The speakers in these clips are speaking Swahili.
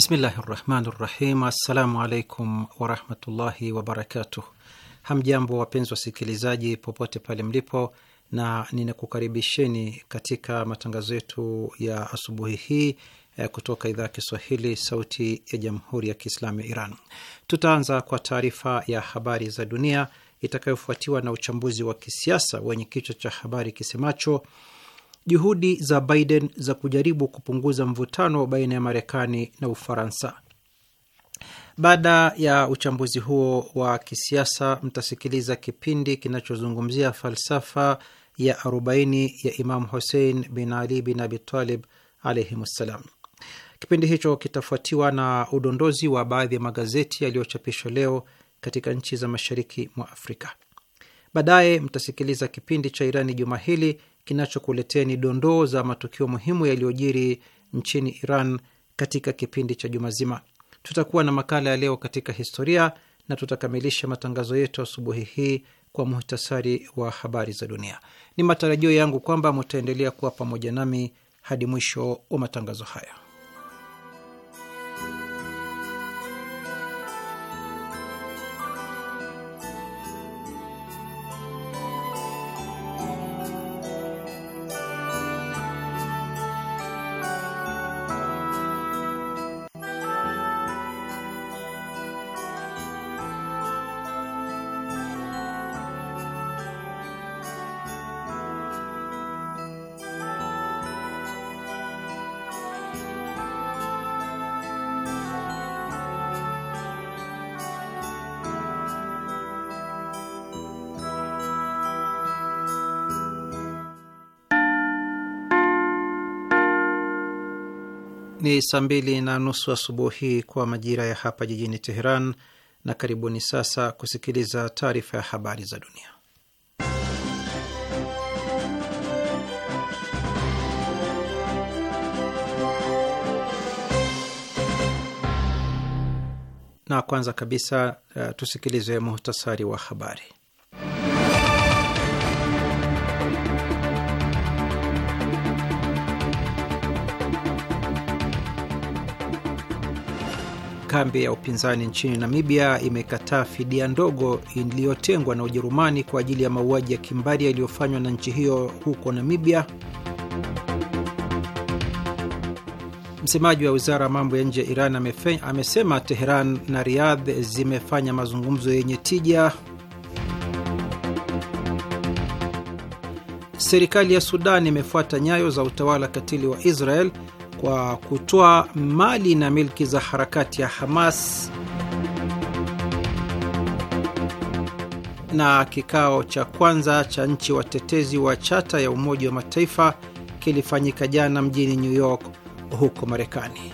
Bismillahi rahmani rahim. Assalamu alaikum warahmatullahi wabarakatuh. Hamjambo wapenzi wasikilizaji, popote pale mlipo, na ninakukaribisheni katika matangazo yetu ya asubuhi hii eh, kutoka idhaa ya Kiswahili, Sauti ya Jamhuri ya Kiislamu ya Iran. Tutaanza kwa taarifa ya habari za dunia itakayofuatiwa na uchambuzi wa kisiasa wenye kichwa cha habari kisemacho juhudi za Biden za kujaribu kupunguza mvutano baina ya Marekani na Ufaransa. Baada ya uchambuzi huo wa kisiasa, mtasikiliza kipindi kinachozungumzia falsafa ya 40 ya Imam Hussein bin Ali bin Abitalib alaihim ssalam. Kipindi hicho kitafuatiwa na udondozi wa baadhi ya magazeti yaliyochapishwa leo katika nchi za mashariki mwa Afrika. Baadaye mtasikiliza kipindi cha Irani juma hili kinachokuletea ni dondoo za matukio muhimu yaliyojiri nchini Iran katika kipindi cha juma zima. Tutakuwa na makala ya leo katika historia na tutakamilisha matangazo yetu asubuhi hii kwa muhtasari wa habari za dunia. Ni matarajio yangu kwamba mutaendelea kuwa pamoja nami hadi mwisho wa matangazo haya. saa mbili na nusu asubuhi kwa majira ya hapa jijini Teheran, na karibuni sasa kusikiliza taarifa ya habari za dunia. Na kwanza kabisa uh, tusikilize muhtasari wa habari. kambi ya upinzani nchini Namibia imekataa fidia ndogo iliyotengwa na Ujerumani kwa ajili ya mauaji ya kimbari yaliyofanywa na nchi hiyo huko Namibia. Msemaji wa wizara ya mambo ya nje ya Iran amesema Teheran na Riyadh zimefanya mazungumzo yenye tija. Serikali ya Sudan imefuata nyayo za utawala katili wa Israel kwa kutoa mali na milki za harakati ya Hamas na kikao cha kwanza cha nchi watetezi wa chata ya Umoja wa Mataifa kilifanyika jana mjini New York huko Marekani.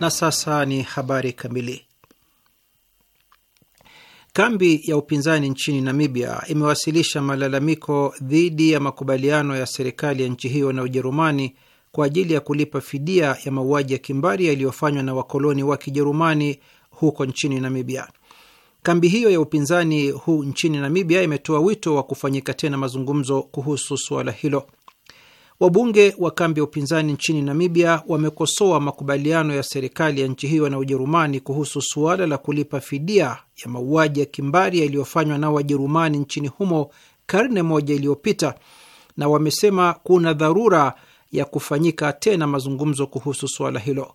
Na sasa ni habari kamili. Kambi ya upinzani nchini Namibia imewasilisha malalamiko dhidi ya makubaliano ya serikali ya nchi hiyo na Ujerumani kwa ajili ya kulipa fidia ya mauaji ya kimbari yaliyofanywa na wakoloni wa Kijerumani huko nchini Namibia. Kambi hiyo ya upinzani huu nchini Namibia imetoa wito wa kufanyika tena mazungumzo kuhusu suala hilo. Wabunge wa kambi ya upinzani nchini Namibia wamekosoa makubaliano ya serikali ya nchi hiyo na Ujerumani kuhusu suala la kulipa fidia ya mauaji ya kimbari yaliyofanywa na Wajerumani nchini humo karne moja iliyopita, na wamesema kuna dharura ya kufanyika tena mazungumzo kuhusu suala hilo.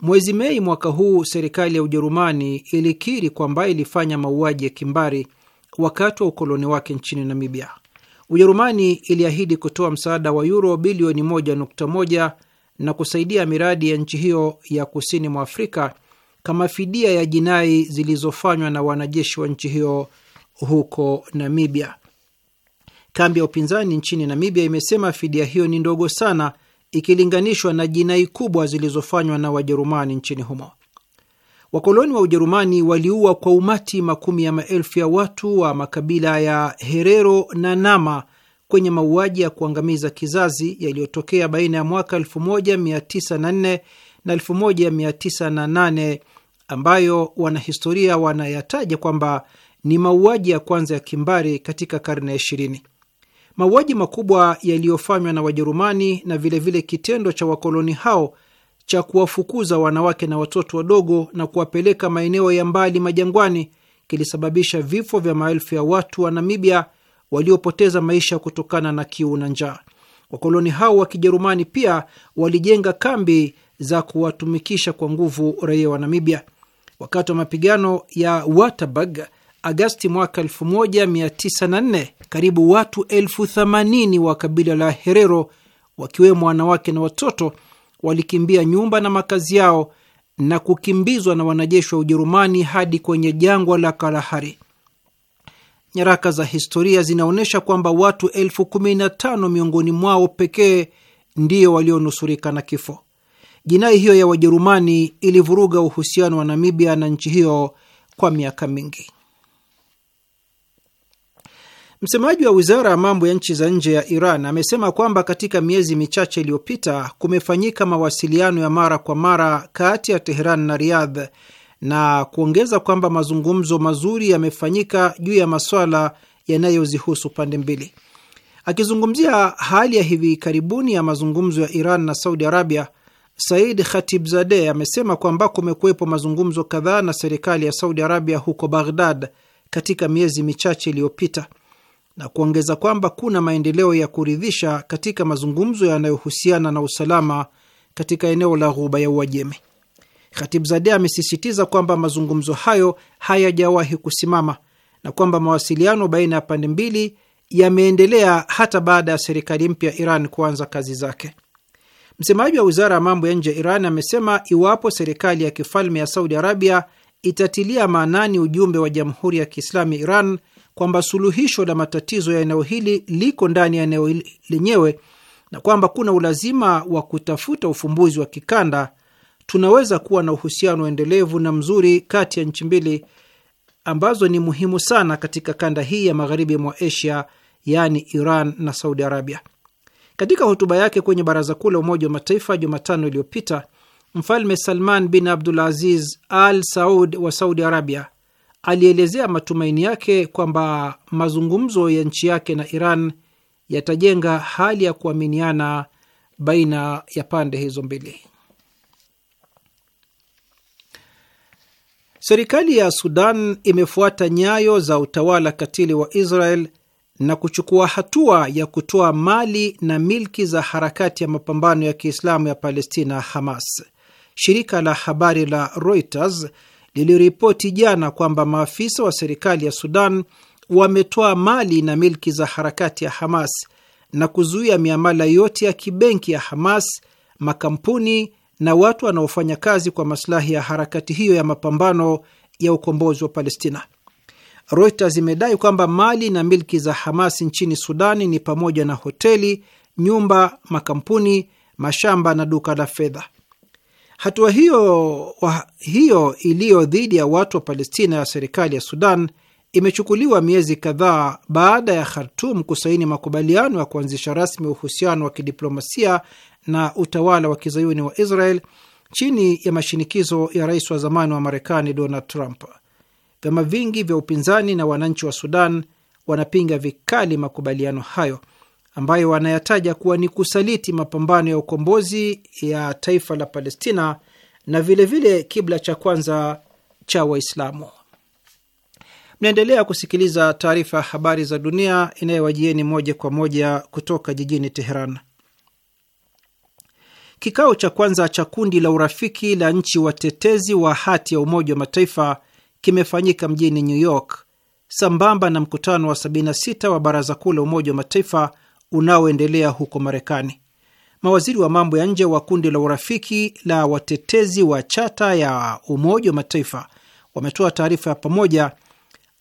Mwezi Mei mwaka huu, serikali ya Ujerumani ilikiri kwamba ilifanya mauaji ya kimbari wakati wa ukoloni wake nchini Namibia. Ujerumani iliahidi kutoa msaada wa yuro bilioni 1.1 na kusaidia miradi ya nchi hiyo ya kusini mwa Afrika kama fidia ya jinai zilizofanywa na wanajeshi wa nchi hiyo huko Namibia. Kambi ya upinzani nchini Namibia imesema fidia hiyo ni ndogo sana ikilinganishwa na jinai kubwa zilizofanywa na Wajerumani nchini humo. Wakoloni wa Ujerumani waliua kwa umati makumi ya maelfu ya watu wa makabila ya Herero na Nama kwenye mauaji ya kuangamiza kizazi yaliyotokea baina ya mwaka 1904 na 1908 ambayo wanahistoria wanayataja kwamba ni mauaji ya kwanza ya kimbari katika karne ya ishirini. Mauaji makubwa yaliyofanywa na Wajerumani na vilevile vile kitendo cha wakoloni hao cha kuwafukuza wanawake na watoto wadogo na kuwapeleka maeneo ya mbali majangwani kilisababisha vifo vya maelfu ya watu wa Namibia waliopoteza maisha kutokana na kiu na njaa. Wakoloni hao wa Kijerumani pia walijenga kambi za kuwatumikisha kwa nguvu raia wa Namibia. Wakati wa mapigano ya Waterberg Agasti mwaka 1904, karibu watu elfu themanini wa kabila la Herero, wakiwemo wanawake na watoto walikimbia nyumba na makazi yao na kukimbizwa na wanajeshi wa Ujerumani hadi kwenye jangwa la Kalahari. Nyaraka za historia zinaonyesha kwamba watu elfu kumi na tano miongoni mwao pekee ndiyo walionusurika na kifo. Jinai hiyo ya Wajerumani ilivuruga uhusiano wa Namibia na nchi hiyo kwa miaka mingi. Msemaji wa wizara ya mambo ya nchi za nje ya Iran amesema kwamba katika miezi michache iliyopita kumefanyika mawasiliano ya mara kwa mara kati ya Teheran na Riyadh na kuongeza kwamba mazungumzo mazuri yamefanyika juu ya maswala yanayozihusu pande mbili. Akizungumzia hali ya hivi karibuni ya mazungumzo ya Iran na Saudi Arabia, Said Khatibzade amesema kwamba kumekuwepo mazungumzo kadhaa na serikali ya Saudi Arabia huko Baghdad katika miezi michache iliyopita na kuongeza kwamba kuna maendeleo ya kuridhisha katika mazungumzo yanayohusiana na usalama katika eneo la Ghuba ya Uajemi. Khatibzadeh amesisitiza kwamba mazungumzo hayo hayajawahi kusimama na kwamba mawasiliano baina ya pande mbili yameendelea hata baada ya serikali mpya Iran kuanza kazi zake. Msemaji wa wizara ya mambo ya nje ya Iran amesema iwapo serikali ya kifalme ya Saudi Arabia itatilia maanani ujumbe wa Jamhuri ya Kiislamu ya Iran kwamba suluhisho la matatizo ya eneo hili liko ndani ya eneo lenyewe na kwamba kuna ulazima wa kutafuta ufumbuzi wa kikanda, tunaweza kuwa na uhusiano endelevu na mzuri kati ya nchi mbili ambazo ni muhimu sana katika kanda hii ya magharibi mwa Asia, yaani Iran na Saudi Arabia. Katika hotuba yake kwenye Baraza Kuu la Umoja wa Mataifa Jumatano iliyopita, Mfalme Salman bin abdul aziz Al Saud wa Saudi Arabia alielezea matumaini yake kwamba mazungumzo ya nchi yake na Iran yatajenga hali ya kuaminiana baina ya pande hizo mbili. Serikali ya Sudan imefuata nyayo za utawala katili wa Israel na kuchukua hatua ya kutoa mali na milki za harakati ya mapambano ya Kiislamu ya Palestina, Hamas. Shirika la habari la Reuters liliripoti jana kwamba maafisa wa serikali ya Sudan wametoa mali na milki za harakati ya Hamas na kuzuia miamala yote ya kibenki ya Hamas, makampuni na watu wanaofanya kazi kwa masilahi ya harakati hiyo ya mapambano ya ukombozi wa Palestina. Reuters imedai kwamba mali na milki za Hamas nchini Sudani ni pamoja na hoteli, nyumba, makampuni, mashamba na duka la fedha. Hatua hiyo, hiyo iliyo dhidi ya watu wa Palestina ya serikali ya Sudan imechukuliwa miezi kadhaa baada ya Khartum kusaini makubaliano ya kuanzisha rasmi uhusiano wa kidiplomasia na utawala wa kizayuni wa Israel chini ya mashinikizo ya rais wa zamani wa Marekani Donald Trump. Vyama vingi vya upinzani na wananchi wa Sudan wanapinga vikali makubaliano hayo ambayo wanayataja kuwa ni kusaliti mapambano ya ukombozi ya taifa la Palestina na vilevile vile kibla cha kwanza cha Waislamu. Mnaendelea kusikiliza taarifa ya habari za dunia inayowajieni moja kwa moja kutoka jijini Teheran. Kikao cha kwanza cha kundi la urafiki la nchi watetezi wa hati ya Umoja wa Mataifa kimefanyika mjini New York sambamba na mkutano wa 76 wa Baraza Kuu la Umoja wa Mataifa unaoendelea huko Marekani. Mawaziri wa mambo ya nje wa kundi la urafiki la watetezi wa chata ya Umoja wa Mataifa wametoa taarifa ya pamoja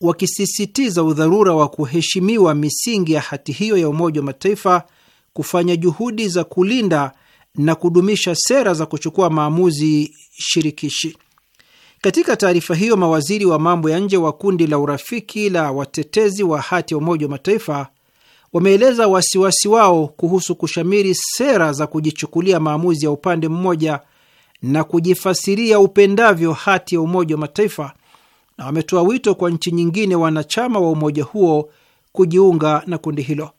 wakisisitiza udharura wa kuheshimiwa misingi ya hati hiyo ya Umoja wa Mataifa, kufanya juhudi za kulinda na kudumisha sera za kuchukua maamuzi shirikishi. Katika taarifa hiyo, mawaziri wa mambo ya nje wa kundi la urafiki la watetezi wa hati ya Umoja wa Mataifa wameeleza wasiwasi wao kuhusu kushamiri sera za kujichukulia maamuzi ya upande mmoja na kujifasiria upendavyo hati ya Umoja wa Mataifa, na wametoa wito kwa nchi nyingine wanachama wa umoja huo kujiunga na kundi hilo.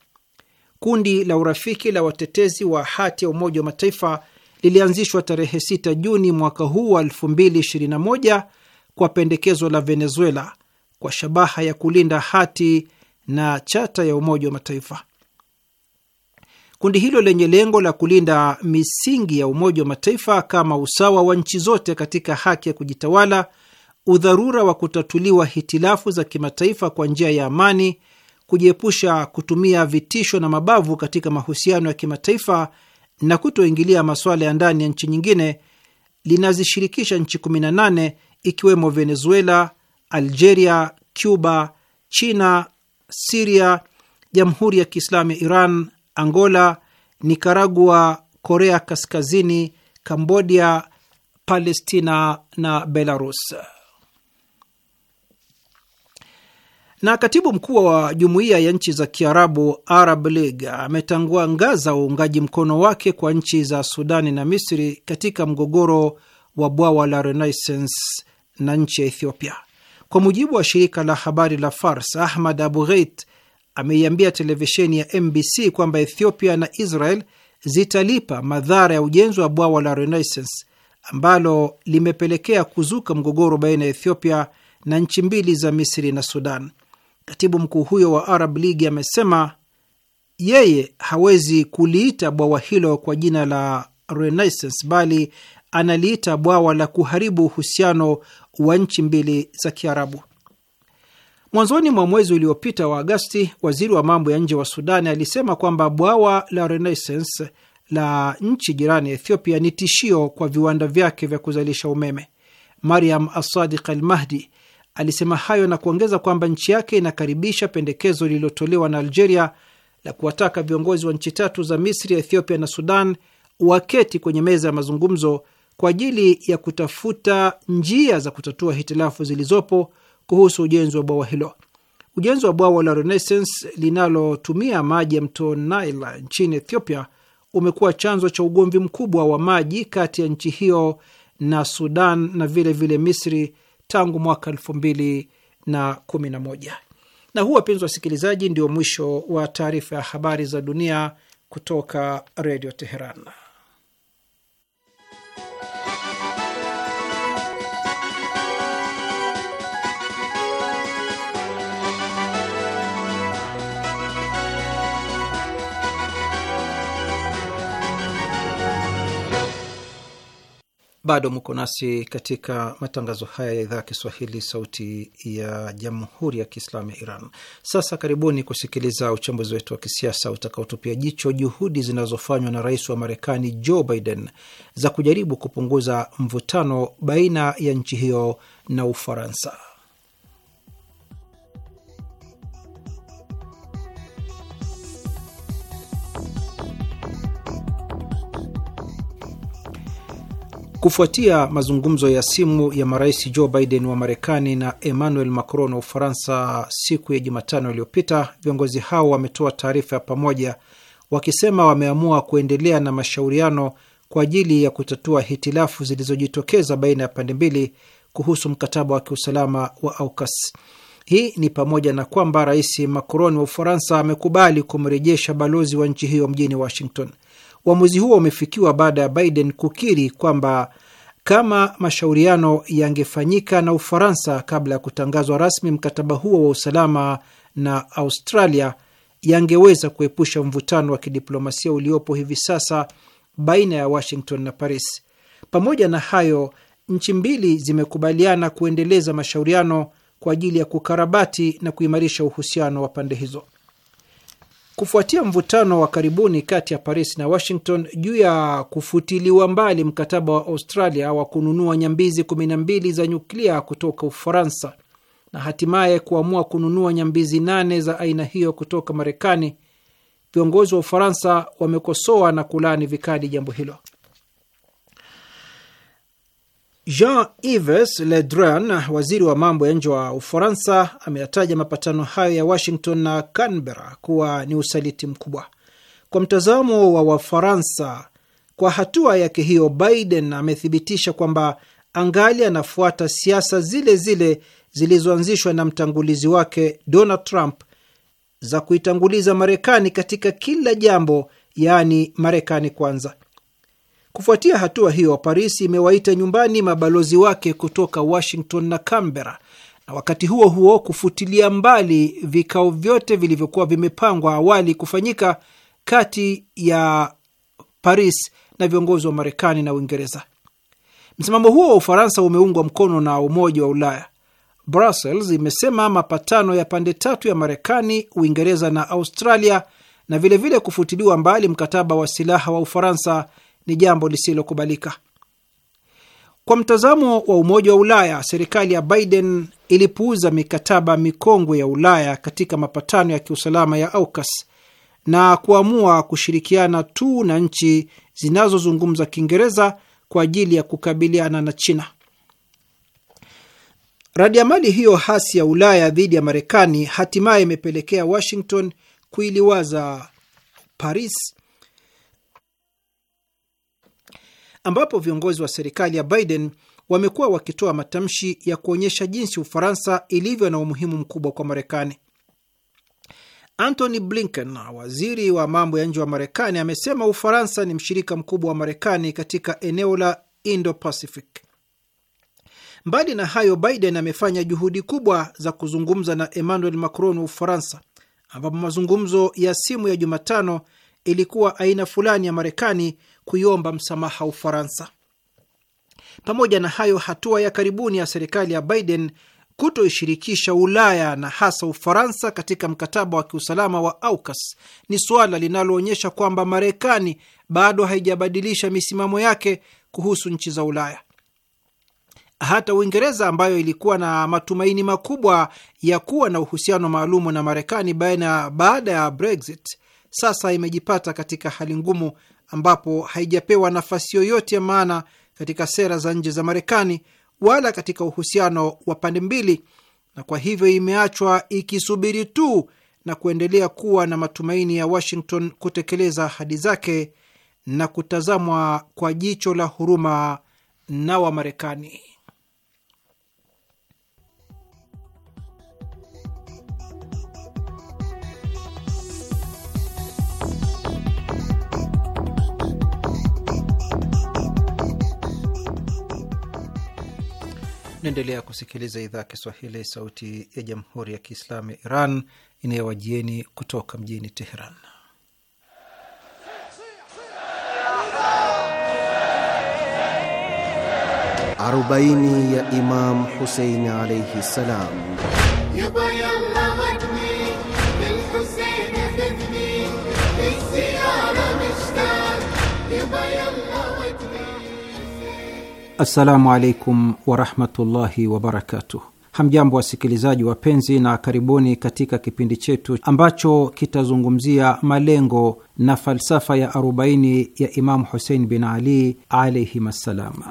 Kundi la urafiki la watetezi wa hati ya Umoja wa Mataifa lilianzishwa tarehe 6 Juni mwaka huu wa 2021 kwa pendekezo la Venezuela kwa shabaha ya kulinda hati na chata ya Umoja wa Mataifa. Kundi hilo lenye lengo la kulinda misingi ya Umoja wa Mataifa kama usawa wa nchi zote katika haki ya kujitawala, udharura wa kutatuliwa hitilafu za kimataifa kwa njia ya amani, kujiepusha kutumia vitisho na mabavu katika mahusiano ya kimataifa na kutoingilia masuala ya ndani ya nchi nyingine, linazishirikisha nchi 18 ikiwemo Venezuela, Algeria, Cuba, China, Siria, Jamhuri ya Kiislamu ya Iran, Angola, Nikaragua, Korea Kaskazini, Kambodia, Palestina na Belarus. Na katibu mkuu wa jumuiya ya nchi za Kiarabu, Arab League, ngaza uungaji mkono wake kwa nchi za Sudani na Misri katika mgogoro wa bwawa la Renaissance na nchi ya Ethiopia. Kwa mujibu wa shirika la habari la Fars, Ahmad Abu Ghait ameiambia televisheni ya MBC kwamba Ethiopia na Israel zitalipa madhara ya ujenzi wa bwawa la Renaissance ambalo limepelekea kuzuka mgogoro baina ya Ethiopia na nchi mbili za Misri na Sudan. Katibu mkuu huyo wa Arab League amesema yeye hawezi kuliita bwawa hilo kwa jina la Renaissance bali analiita bwawa la kuharibu uhusiano wa nchi mbili za Kiarabu. Mwanzoni mwa mwezi uliopita wa Agasti, waziri wa mambo ya nje wa Sudani alisema kwamba bwawa la Renaissance la nchi jirani Ethiopia ni tishio kwa viwanda vyake vya kuzalisha umeme. Mariam Asadiq Al Mahdi alisema hayo na kuongeza kwamba nchi yake inakaribisha pendekezo lililotolewa na Algeria la kuwataka viongozi wa nchi tatu za Misri, Ethiopia na Sudan waketi kwenye meza ya mazungumzo kwa ajili ya kutafuta njia za kutatua hitilafu zilizopo kuhusu ujenzi wa bwawa hilo. Ujenzi wa bwawa la Renaissance linalotumia maji ya mto Nile nchini Ethiopia umekuwa chanzo cha ugomvi mkubwa wa maji kati ya nchi hiyo na Sudan na vilevile vile Misri tangu mwaka elfu mbili na kumi na moja. Na huu, wapenzi wasikilizaji, ndio mwisho wa taarifa ya habari za dunia kutoka Redio Teheran. Bado mko nasi katika matangazo haya ya idhaa ya Kiswahili, sauti ya jamhuri ya kiislamu ya Iran. Sasa karibuni kusikiliza uchambuzi wetu wa kisiasa utakaotupia jicho juhudi zinazofanywa na rais wa Marekani Joe Biden za kujaribu kupunguza mvutano baina ya nchi hiyo na Ufaransa. Kufuatia mazungumzo ya simu ya marais Joe Biden wa Marekani na Emmanuel Macron wa Ufaransa siku ya Jumatano iliyopita, viongozi hao wametoa taarifa ya pamoja wakisema wameamua kuendelea na mashauriano kwa ajili ya kutatua hitilafu zilizojitokeza baina ya pande mbili kuhusu mkataba wa kiusalama wa AUKUS. Hii ni pamoja na kwamba Rais Macron wa Ufaransa amekubali kumrejesha balozi wa nchi hiyo mjini Washington. Uamuzi huo umefikiwa baada ya Biden kukiri kwamba kama mashauriano yangefanyika na Ufaransa kabla ya kutangazwa rasmi mkataba huo wa usalama na Australia, yangeweza kuepusha mvutano wa kidiplomasia uliopo hivi sasa baina ya Washington na Paris. Pamoja na hayo, nchi mbili zimekubaliana kuendeleza mashauriano kwa ajili ya kukarabati na kuimarisha uhusiano wa pande hizo. Kufuatia mvutano wa karibuni kati ya Paris na Washington juu ya kufutiliwa mbali mkataba wa Australia wa kununua nyambizi 12 za nyuklia kutoka Ufaransa na hatimaye kuamua kununua nyambizi nane za aina hiyo kutoka Marekani, viongozi wa Ufaransa wamekosoa na kulaani vikali jambo hilo. Jean-Yves Le Drian, waziri wa mambo ya nje wa Ufaransa, ameyataja mapatano hayo ya Washington na Canberra kuwa ni usaliti mkubwa kwa mtazamo wa Wafaransa. Kwa hatua yake hiyo, Biden amethibitisha kwamba angali anafuata siasa zile zile zilizoanzishwa na mtangulizi wake Donald Trump za kuitanguliza Marekani katika kila jambo, yaani Marekani kwanza. Kufuatia hatua hiyo, Paris imewaita nyumbani mabalozi wake kutoka Washington na Canberra, na wakati huo huo kufutilia mbali vikao vyote vilivyokuwa vimepangwa awali kufanyika kati ya Paris na viongozi wa Marekani na Uingereza. Msimamo huo wa Ufaransa umeungwa mkono na Umoja wa Ulaya. Brussels imesema mapatano ya pande tatu ya Marekani, Uingereza na Australia na vilevile vile kufutiliwa mbali mkataba wa silaha wa Ufaransa ni jambo lisilokubalika. Kwa mtazamo wa Umoja wa Ulaya, serikali ya Biden ilipuuza mikataba mikongwe ya Ulaya katika mapatano ya kiusalama ya AUKUS na kuamua kushirikiana tu na nchi zinazozungumza Kiingereza kwa ajili ya kukabiliana na China. Radiamali hiyo hasi ya Ulaya dhidi ya Marekani hatimaye imepelekea Washington kuiliwaza Paris ambapo viongozi wa serikali ya Biden wamekuwa wakitoa matamshi ya kuonyesha jinsi Ufaransa ilivyo na umuhimu mkubwa kwa Marekani. Antony Blinken, waziri wa mambo ya nje wa Marekani, amesema Ufaransa ni mshirika mkubwa wa Marekani katika eneo la Indo-Pacific. Mbali na hayo, Biden amefanya juhudi kubwa za kuzungumza na Emmanuel Macron wa Ufaransa, ambapo mazungumzo ya simu ya Jumatano ilikuwa aina fulani ya Marekani kuiomba msamaha Ufaransa. Pamoja na hayo, hatua ya karibuni ya serikali ya Biden kutoishirikisha Ulaya na hasa Ufaransa katika mkataba wa kiusalama wa AUKUS ni suala linaloonyesha kwamba Marekani bado haijabadilisha misimamo yake kuhusu nchi za Ulaya. Hata Uingereza ambayo ilikuwa na matumaini makubwa ya kuwa na uhusiano maalumu na Marekani baada ya Brexit, sasa imejipata katika hali ngumu ambapo haijapewa nafasi yoyote ya maana katika sera za nje za Marekani wala katika uhusiano wa pande mbili, na kwa hivyo imeachwa ikisubiri tu na kuendelea kuwa na matumaini ya Washington kutekeleza ahadi zake na kutazamwa kwa jicho la huruma na Wamarekani. Naendelea kusikiliza idhaa Kiswahili, sauti ya jamhuri ya kiislamu ya Iran inayowajieni kutoka mjini Teheran. Arobaini ya Imam Husein alaihi salam. Assalamu alaikum warahmatullahi wabarakatuh. Hamjambo wasikilizaji wapenzi, na karibuni katika kipindi chetu ambacho kitazungumzia malengo na falsafa ya arobaini ya Imamu Husein bin Ali alaihim assalam.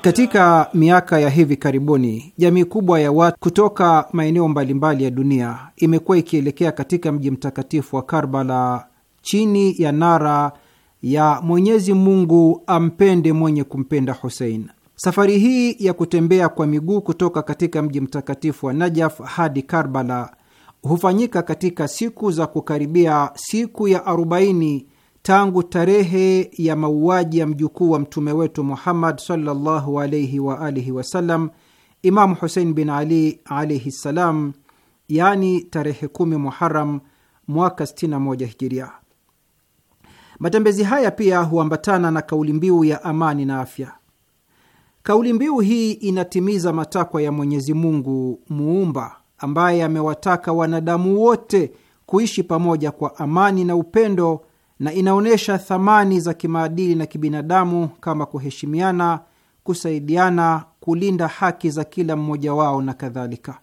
Katika miaka ya hivi karibuni, jamii kubwa ya watu kutoka maeneo mbalimbali ya dunia imekuwa ikielekea katika mji mtakatifu wa Karbala chini ya nara ya Mwenyezi Mungu ampende mwenye kumpenda Husein. Safari hii ya kutembea kwa miguu kutoka katika mji mtakatifu wa Najaf hadi Karbala hufanyika katika siku za kukaribia siku ya arobaini tangu tarehe ya mauaji ya mjukuu wa mtume wetu Muhammad sallallahu alaihi wa alihi wasallam, Imamu Husein bin Ali alaihi ssalam, yani tarehe kumi Muharam mwaka 61 Hijiria. Matembezi haya pia huambatana na kauli mbiu ya amani na afya. Kauli mbiu hii inatimiza matakwa ya Mwenyezi Mungu Muumba, ambaye amewataka wanadamu wote kuishi pamoja kwa amani na upendo na inaonyesha thamani za kimaadili na kibinadamu kama kuheshimiana, kusaidiana, kulinda haki za kila mmoja wao na kadhalika.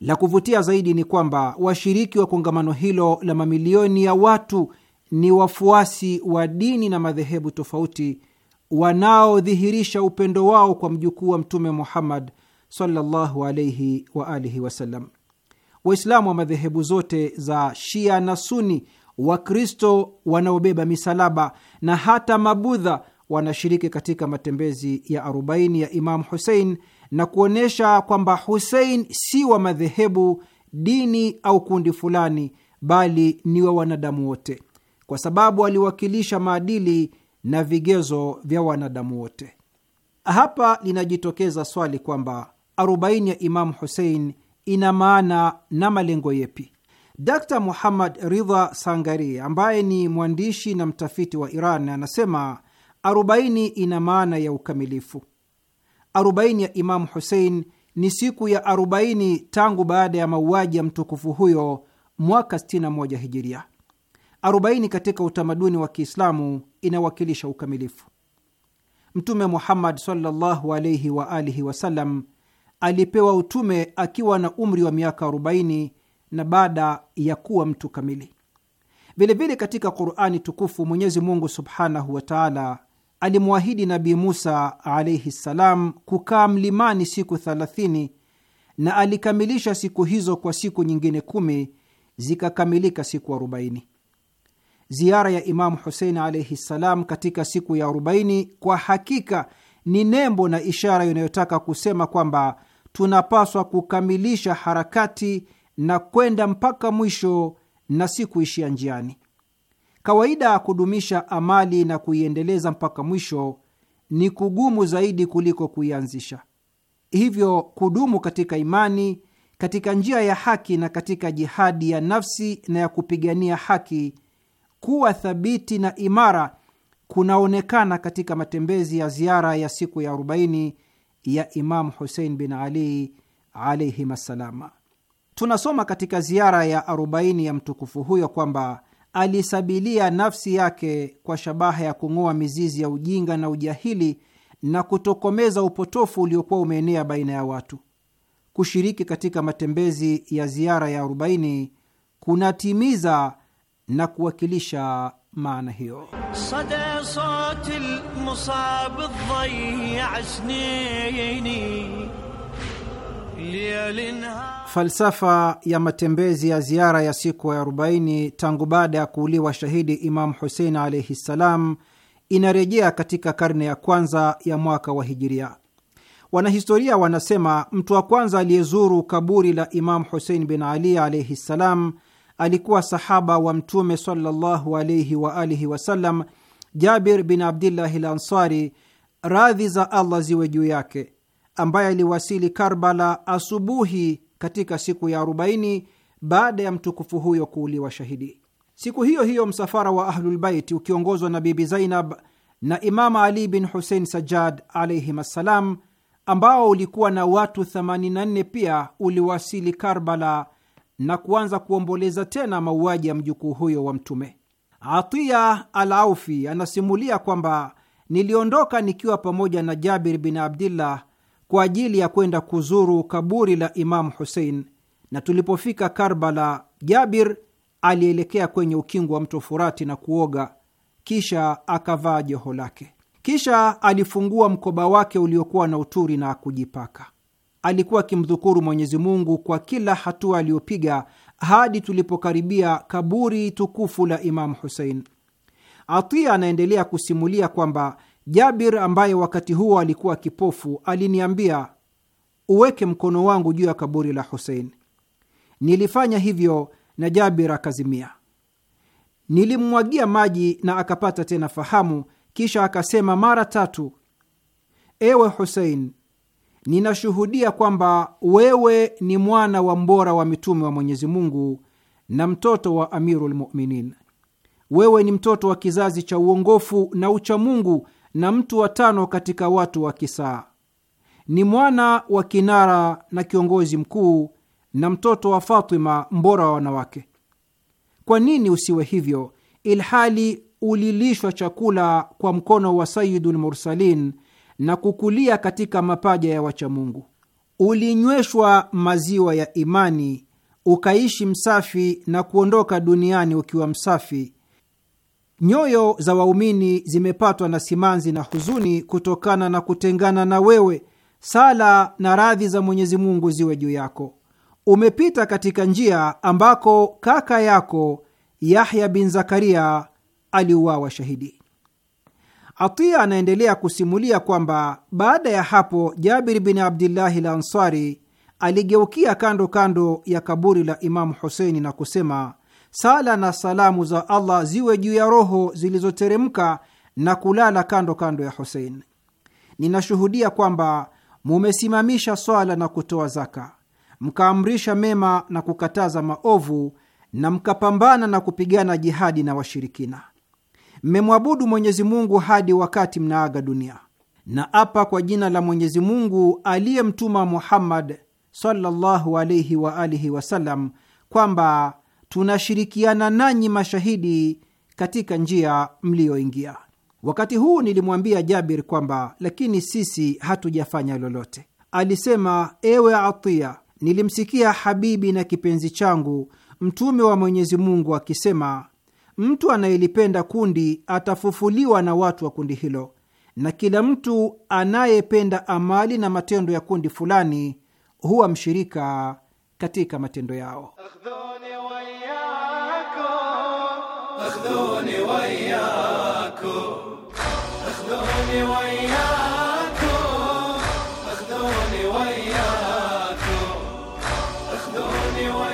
La kuvutia zaidi ni kwamba washiriki wa kongamano hilo la mamilioni ya watu ni wafuasi wa dini na madhehebu tofauti wanaodhihirisha upendo wao kwa mjukuu wa Mtume Muhammad sallallahu alaihi wa alihi wasallam. Waislamu wa madhehebu zote za Shia na Suni Wakristo wanaobeba misalaba na hata mabudha wanashiriki katika matembezi ya arobaini ya Imamu Husein na kuonyesha kwamba Husein si wa madhehebu, dini au kundi fulani, bali ni wa wanadamu wote, kwa sababu aliwakilisha maadili na vigezo vya wanadamu wote. Hapa linajitokeza swali kwamba arobaini ya Imamu Husein ina maana na malengo yepi? Dr Muhammad Ridha Sangari, ambaye ni mwandishi na mtafiti wa Iran, anasema 40 ina maana ya ukamilifu. 40 ya Imamu Husein ni siku ya 40 tangu baada ya mauaji ya mtukufu huyo mwaka 61 Hijiria. 40 katika utamaduni wa Kiislamu inawakilisha ukamilifu. Mtume Muhammad sallallahu alaihi wa alihi wasallam alipewa utume akiwa na umri wa miaka arobaini na baada ya kuwa mtu kamili. Vilevile katika Qurani tukufu Mwenyezi Mungu subhanahu wa taala alimwahidi Nabii Musa alaihi ssalam kukaa mlimani siku thalathini na alikamilisha siku hizo kwa siku nyingine kumi zikakamilika siku arobaini. Ziara ya Imamu Husein alaihi ssalam katika siku ya arobaini kwa hakika ni nembo na ishara inayotaka kusema kwamba tunapaswa kukamilisha harakati na kwenda mpaka mwisho na si kuishia njiani. Kawaida kudumisha amali na kuiendeleza mpaka mwisho ni kugumu zaidi kuliko kuianzisha. Hivyo kudumu katika imani, katika njia ya haki na katika jihadi ya nafsi na ya kupigania haki, kuwa thabiti na imara kunaonekana katika matembezi ya ziara ya siku ya 40 ya Imamu Husein bin Ali alaihim assalama. Tunasoma katika ziara ya 40 ya mtukufu huyo kwamba alisabilia nafsi yake kwa shabaha ya kung'oa mizizi ya ujinga na ujahili na kutokomeza upotofu uliokuwa umeenea baina ya watu. Kushiriki katika matembezi ya ziara ya arobaini kunatimiza na kuwakilisha maana hiyo. Falsafa ya matembezi ya ziara ya siku ya 40 tangu baada ya kuuliwa shahidi Imamu Husein alaihi ssalam inarejea katika karne ya kwanza ya mwaka wa Hijiria. Wanahistoria wanasema mtu wa kwanza aliyezuru kaburi la Imamu Husein bin Ali alaihi ssalam alikuwa sahaba wa Mtume sallallahu alaihi alihi wasallam, Jabir bin Abdillahi Lansari, Ansari, radhi za Allah ziwe juu yake ambaye aliwasili Karbala asubuhi katika siku ya 40 baada ya mtukufu huyo kuuliwa shahidi. Siku hiyo hiyo msafara wa Ahlulbaiti ukiongozwa na Bibi Zainab na Imama Ali bin Husein Sajjad alaihim assalam, ambao ulikuwa na watu 84 pia uliwasili Karbala na kuanza kuomboleza tena mauaji ya mjukuu huyo wa Mtume. Atiya al Aufi anasimulia kwamba niliondoka nikiwa pamoja na Jabir bin Abdillah kwa ajili ya kwenda kuzuru kaburi la Imamu Husein, na tulipofika Karbala, Jabir alielekea kwenye ukingo wa mto Furati na kuoga, kisha akavaa joho lake. Kisha alifungua mkoba wake uliokuwa na uturi na kujipaka. Alikuwa akimdhukuru Mwenyezi Mungu kwa kila hatua aliyopiga hadi tulipokaribia kaburi tukufu la Imamu Husein. Atia anaendelea kusimulia kwamba Jabir ambaye wakati huo alikuwa kipofu aliniambia, uweke mkono wangu juu ya kaburi la Husein. Nilifanya hivyo na Jabir akazimia. Nilimwagia maji na akapata tena fahamu, kisha akasema mara tatu, ewe Husein, ninashuhudia kwamba wewe ni mwana wa mbora wa mitume wa Mwenyezi Mungu na mtoto wa Amirul Muminin. Wewe ni mtoto wa kizazi cha uongofu na uchamungu na mtu wa tano katika watu wa Kisaa. Ni mwana wa kinara na kiongozi mkuu na mtoto wa Fatima, mbora wa wanawake. Kwa nini usiwe hivyo, ilhali ulilishwa chakula kwa mkono wa Sayidul Mursalin na kukulia katika mapaja ya wachamungu? Ulinyweshwa maziwa ya imani, ukaishi msafi na kuondoka duniani ukiwa msafi Nyoyo za waumini zimepatwa na simanzi na huzuni kutokana na kutengana na wewe. Sala na radhi za Mwenyezi Mungu ziwe juu yako. Umepita katika njia ambako kaka yako Yahya bin Zakaria aliuawa shahidi. Atia anaendelea kusimulia kwamba baada ya hapo Jabiri bin Abdillahi la Ansari aligeukia kando kando ya kaburi la Imamu Huseini na kusema Sala na salamu za Allah ziwe juu ya roho zilizoteremka na kulala kando kando ya Husein. Ninashuhudia kwamba mumesimamisha swala na kutoa zaka, mkaamrisha mema na kukataza maovu, na mkapambana na kupigana jihadi na washirikina. Mmemwabudu Mwenyezi Mungu hadi wakati mnaaga dunia. Na apa kwa jina la Mwenyezi Mungu aliyemtuma Muhammad sallallahu alayhi wa alihi wasallam kwamba tunashirikiana nanyi mashahidi katika njia mliyoingia. Wakati huu nilimwambia Jabir kwamba lakini sisi hatujafanya lolote. Alisema, ewe Atia, nilimsikia habibi na kipenzi changu Mtume wa Mwenyezi Mungu akisema, mtu anayelipenda kundi atafufuliwa na watu wa kundi hilo, na kila mtu anayependa amali na matendo ya kundi fulani huwa mshirika katika matendo yao.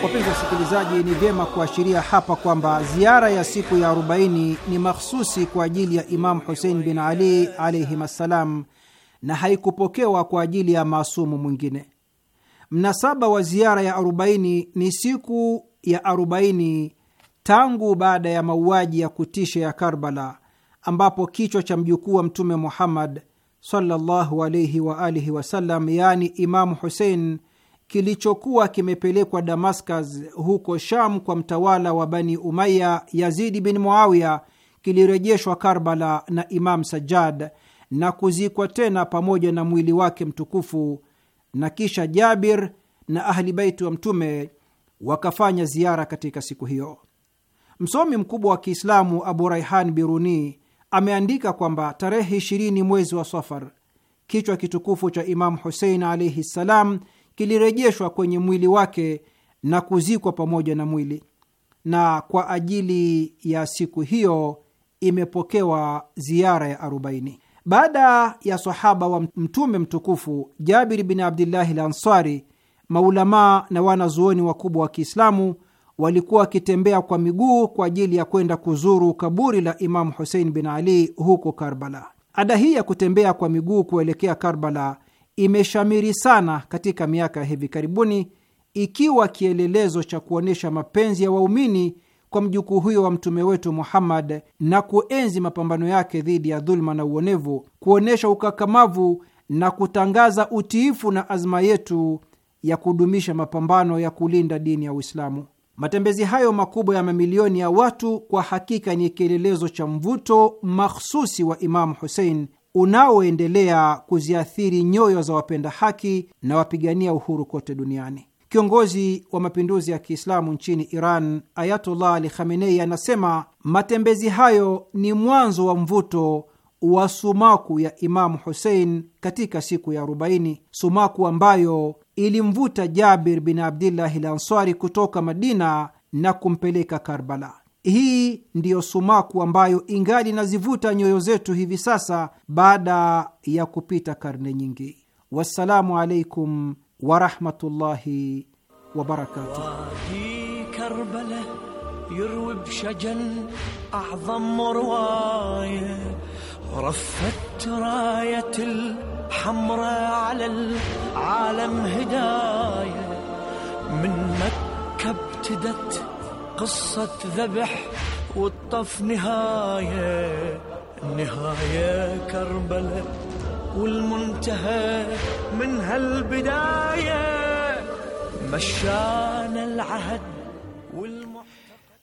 Wapenzi wasikilizaji, ni vyema kuashiria hapa kwamba ziara ya siku ya 40 ni mahsusi kwa ajili ya Imam Husein bin Ali alaihim assalam na haikupokewa kwa ajili ya maasumu mwingine. Mnasaba wa ziara ya 40 ni siku ya tangu baada ya mauaji ya kutisha ya Karbala, ambapo kichwa cha mjukuu wa Mtume Muhammad sallallahu alayhi wa alihi wasallam, yaani Imamu Husein, kilichokuwa kimepelekwa Damascus huko Sham kwa mtawala wa Bani Umaya Yazidi bin Muawiya kilirejeshwa Karbala na Imam Sajjad na kuzikwa tena pamoja na mwili wake mtukufu, na kisha Jabir na ahli baiti wa Mtume wakafanya ziara katika siku hiyo. Msomi mkubwa wa Kiislamu Abu Raihan Biruni ameandika kwamba tarehe 20 mwezi wa Safar, kichwa kitukufu cha Imamu Husein alaihi ssalam kilirejeshwa kwenye mwili wake na kuzikwa pamoja na mwili, na kwa ajili ya siku hiyo imepokewa ziara ya arobaini baada ya sahaba wa Mtume mtukufu Jabiri bin Abdillahi Lansari, maulamaa na wanazuoni wakubwa wa Kiislamu walikuwa wakitembea kwa miguu kwa ajili ya kwenda kuzuru kaburi la Imamu Husein bin Ali huko Karbala. Ada hii ya kutembea kwa miguu kuelekea Karbala imeshamiri sana katika miaka ya hivi karibuni, ikiwa kielelezo cha kuonyesha mapenzi ya waumini kwa mjukuu huyo wa mtume wetu Muhammad na kuenzi mapambano yake dhidi ya dhuluma na uonevu, kuonyesha ukakamavu na kutangaza utiifu na azma yetu ya kudumisha mapambano ya kulinda dini ya Uislamu. Matembezi hayo makubwa ya mamilioni ya watu kwa hakika ni kielelezo cha mvuto mahsusi wa Imamu Husein unaoendelea kuziathiri nyoyo za wapenda haki na wapigania uhuru kote duniani. Kiongozi wa mapinduzi ya Kiislamu nchini Iran, Ayatullah Ali Khamenei, anasema matembezi hayo ni mwanzo wa mvuto wa sumaku ya Imamu Husein katika siku ya arobaini, sumaku ambayo ilimvuta Jabir bin Abdillahi Lanswari kutoka Madina na kumpeleka Karbala. Hii ndiyo sumaku ambayo ingali inazivuta nyoyo zetu hivi sasa baada ya kupita karne nyingi. Wassalamu alaikum warahmatullahi wabarakatuh. رفت راية الحمراء على العالم هداية من مكة ابتدت قصة ذبح والطف نهاية النهاية كربلة والمنتهى من هالبداية مشانا العهد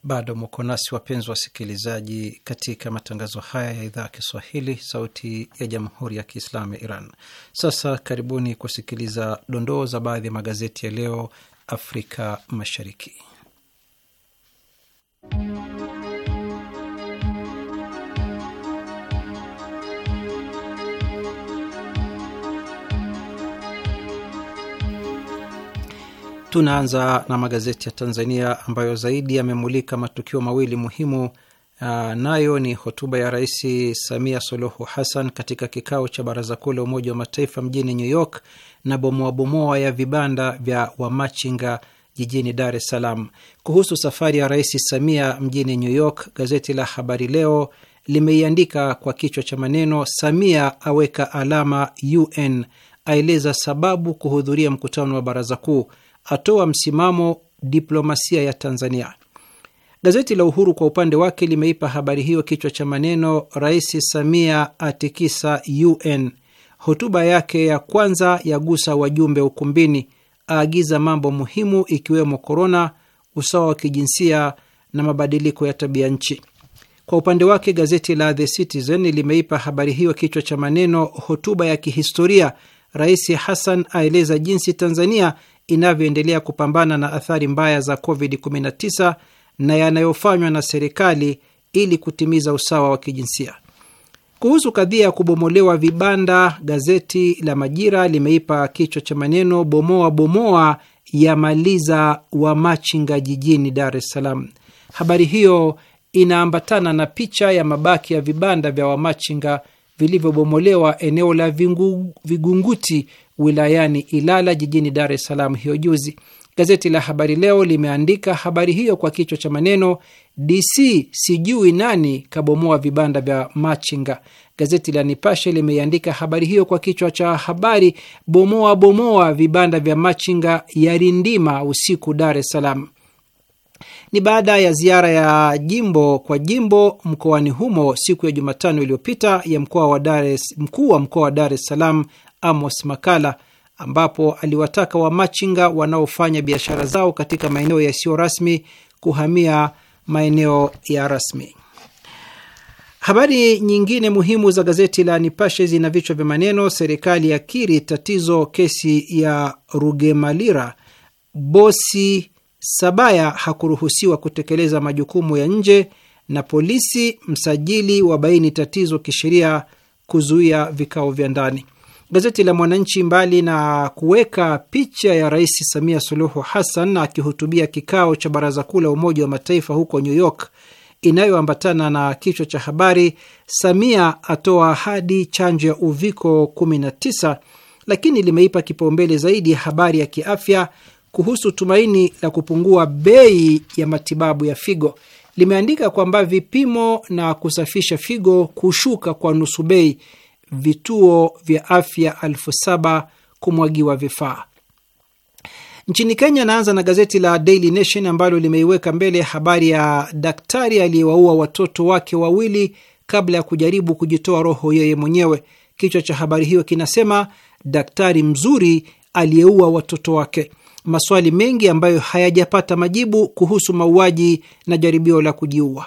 Bado mko nasi wapenzi wasikilizaji, katika matangazo haya ya idhaa ya Kiswahili, Sauti ya Jamhuri ya Kiislamu ya Iran. Sasa karibuni kusikiliza dondoo za baadhi ya magazeti ya leo Afrika Mashariki. Tunaanza na magazeti ya Tanzania ambayo zaidi yamemulika matukio mawili muhimu. Uh, nayo ni hotuba ya Rais Samia Suluhu Hassan katika kikao cha Baraza Kuu la Umoja wa Mataifa mjini New York na bomoabomoa ya vibanda vya wamachinga jijini Dar es Salaam. Kuhusu safari ya Rais Samia mjini New York, gazeti la Habari Leo limeiandika kwa kichwa cha maneno, Samia aweka alama UN, aeleza sababu kuhudhuria mkutano wa Baraza Kuu atoa msimamo diplomasia ya Tanzania. Gazeti la Uhuru kwa upande wake limeipa habari hiyo kichwa cha maneno, Rais Samia atikisa UN, hotuba yake ya kwanza yagusa wajumbe ukumbini, aagiza mambo muhimu ikiwemo korona, usawa wa kijinsia na mabadiliko ya tabia nchi. Kwa upande wake gazeti la The Citizen limeipa habari hiyo kichwa cha maneno, hotuba ya kihistoria, Rais Hassan aeleza jinsi Tanzania inavyoendelea kupambana na athari mbaya za COVID-19 na yanayofanywa na serikali ili kutimiza usawa wa kijinsia. Kuhusu kadhia ya kubomolewa vibanda, gazeti la Majira limeipa kichwa cha maneno bomoa bomoa ya maliza wa machinga jijini Dar es Salaam. Habari hiyo inaambatana na picha ya mabaki ya vibanda vya wamachinga vilivyobomolewa eneo la Vingu, Vigunguti wilayani Ilala jijini Dar es Salaam hiyo juzi. Gazeti la Habari Leo limeandika habari hiyo kwa kichwa cha maneno DC sijui nani kabomoa vibanda vya machinga. Gazeti la Nipashe limeiandika habari hiyo kwa kichwa cha habari bomoa bomoa vibanda vya machinga Yarindima usiku Dar es Salaam. Ni baada ya ziara ya jimbo kwa jimbo mkoani humo siku ya Jumatano iliyopita ya mkuu wa mkoa wa Dar es Salaam Amos Makala, ambapo aliwataka wamachinga wanaofanya biashara zao katika maeneo yasiyo rasmi kuhamia maeneo ya rasmi. Habari nyingine muhimu za gazeti la Nipashe zina vichwa vya maneno: serikali yakiri tatizo kesi ya Rugemalira, bosi Sabaya hakuruhusiwa kutekeleza majukumu ya nje na polisi msajili wa baini tatizo kisheria kuzuia vikao vya ndani. Gazeti la Mwananchi, mbali na kuweka picha ya Rais Samia Suluhu Hassan akihutubia kikao cha Baraza Kuu la Umoja wa Mataifa huko New York, inayoambatana na kichwa cha habari Samia atoa ahadi chanjo ya uviko 19, lakini limeipa kipaumbele zaidi habari ya kiafya kuhusu tumaini la kupungua bei ya matibabu ya figo limeandika kwamba vipimo na kusafisha figo kushuka kwa nusu bei, vituo vya afya elfu saba kumwagiwa vifaa. Nchini Kenya, naanza na gazeti la Daily Nation ambalo limeiweka mbele habari ya daktari aliyewaua watoto wake wawili kabla ya kujaribu kujitoa roho yeye mwenyewe. Kichwa cha habari hiyo kinasema daktari mzuri aliyeua watoto wake maswali mengi ambayo hayajapata majibu kuhusu mauaji na jaribio la kujiua.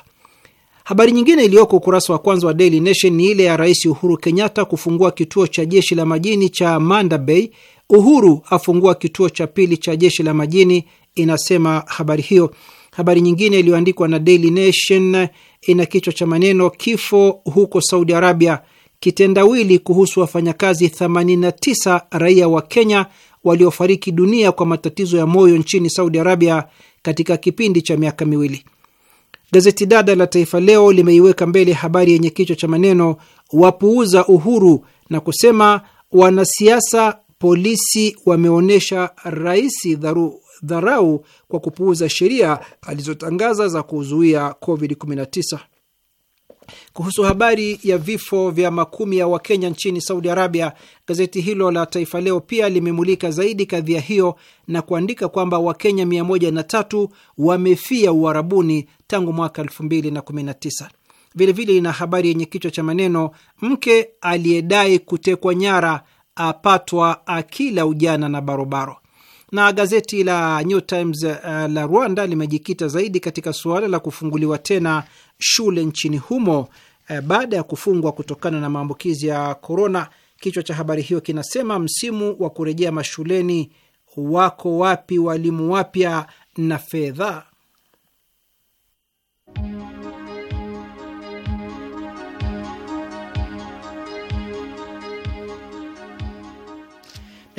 Habari nyingine iliyoko ukurasa wa kwanza wa Daily Nation ni ile ya Rais Uhuru Kenyatta kufungua kituo cha jeshi la majini cha Manda Bay. Uhuru afungua kituo cha pili cha jeshi la majini, inasema habari hiyo. Habari nyingine iliyoandikwa na Daily Nation ina kichwa cha maneno kifo huko Saudi Arabia, kitendawili kuhusu wafanyakazi 89 raia wa Kenya waliofariki dunia kwa matatizo ya moyo nchini Saudi Arabia katika kipindi cha miaka miwili. Gazeti dada la Taifa Leo limeiweka mbele habari yenye kichwa cha maneno wapuuza uhuru na kusema wanasiasa polisi wameonyesha rais dharu, dharau kwa kupuuza sheria alizotangaza za kuzuia COVID-19. Kuhusu habari ya vifo vya makumi ya Wakenya nchini Saudi Arabia, gazeti hilo la Taifa Leo pia limemulika zaidi kadhia hiyo na kuandika kwamba Wakenya 103 wamefia uharabuni tangu mwaka 2019. Vilevile lina habari yenye kichwa cha maneno mke aliyedai kutekwa nyara apatwa akila ujana na barobaro. Na gazeti la New Times uh, la Rwanda limejikita zaidi katika suala la kufunguliwa tena shule nchini humo uh, baada ya kufungwa kutokana na maambukizi ya korona. Kichwa cha habari hiyo kinasema msimu wa kurejea mashuleni, wako wapi walimu wapya na fedha?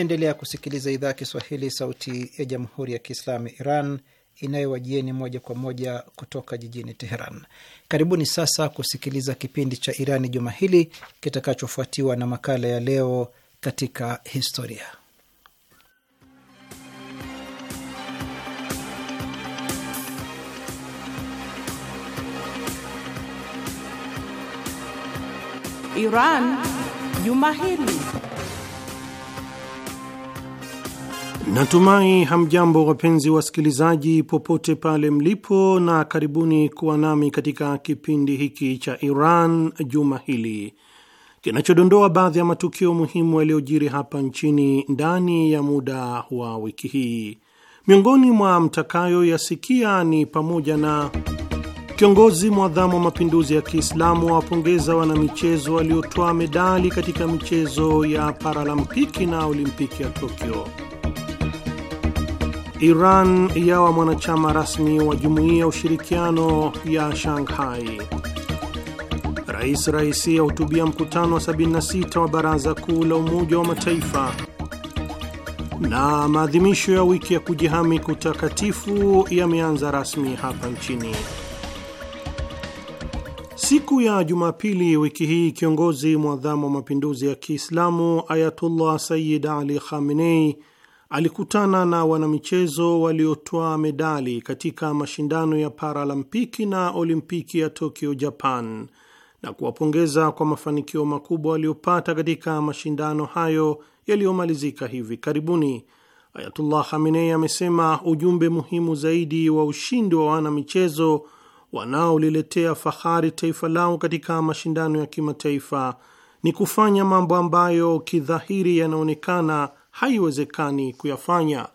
endelea kusikiliza idhaa ya Kiswahili, sauti ya jamhuri ya kiislamu Iran inayowajieni moja kwa moja kutoka jijini Teheran. Karibuni sasa kusikiliza kipindi cha Irani juma hili kitakachofuatiwa na makala ya leo katika historia. Iran juma hili Natumai hamjambo wapenzi wasikilizaji, popote pale mlipo, na karibuni kuwa nami katika kipindi hiki cha Iran juma hili kinachodondoa baadhi ya matukio muhimu yaliyojiri hapa nchini ndani ya muda wa wiki hii. Miongoni mwa mtakayoyasikia ni pamoja na kiongozi mwadhamu wa mapinduzi ya Kiislamu awapongeza wanamichezo waliotoa medali katika michezo ya paralampiki na olimpiki ya Tokyo. Iran yawa mwanachama rasmi wa Jumuiya ya Ushirikiano ya Shanghai. Rais Raisi ahutubia mkutano wa 76 wa Baraza Kuu la Umoja wa Mataifa. Na maadhimisho ya wiki ya kujihami kutakatifu yameanza rasmi hapa nchini. Siku ya Jumapili wiki hii, kiongozi mwadhamu wa mapinduzi ya Kiislamu Ayatullah Sayyid Ali Khamenei alikutana na wanamichezo waliotoa medali katika mashindano ya Paralampiki na Olimpiki ya Tokyo, Japan, na kuwapongeza kwa mafanikio makubwa waliopata katika mashindano hayo yaliyomalizika hivi karibuni. Ayatullah Khamenei amesema ujumbe muhimu zaidi wa ushindi wa wanamichezo wanaoliletea fahari taifa lao katika mashindano ya kimataifa ni kufanya mambo ambayo kidhahiri yanaonekana haiwezekani kuyafanya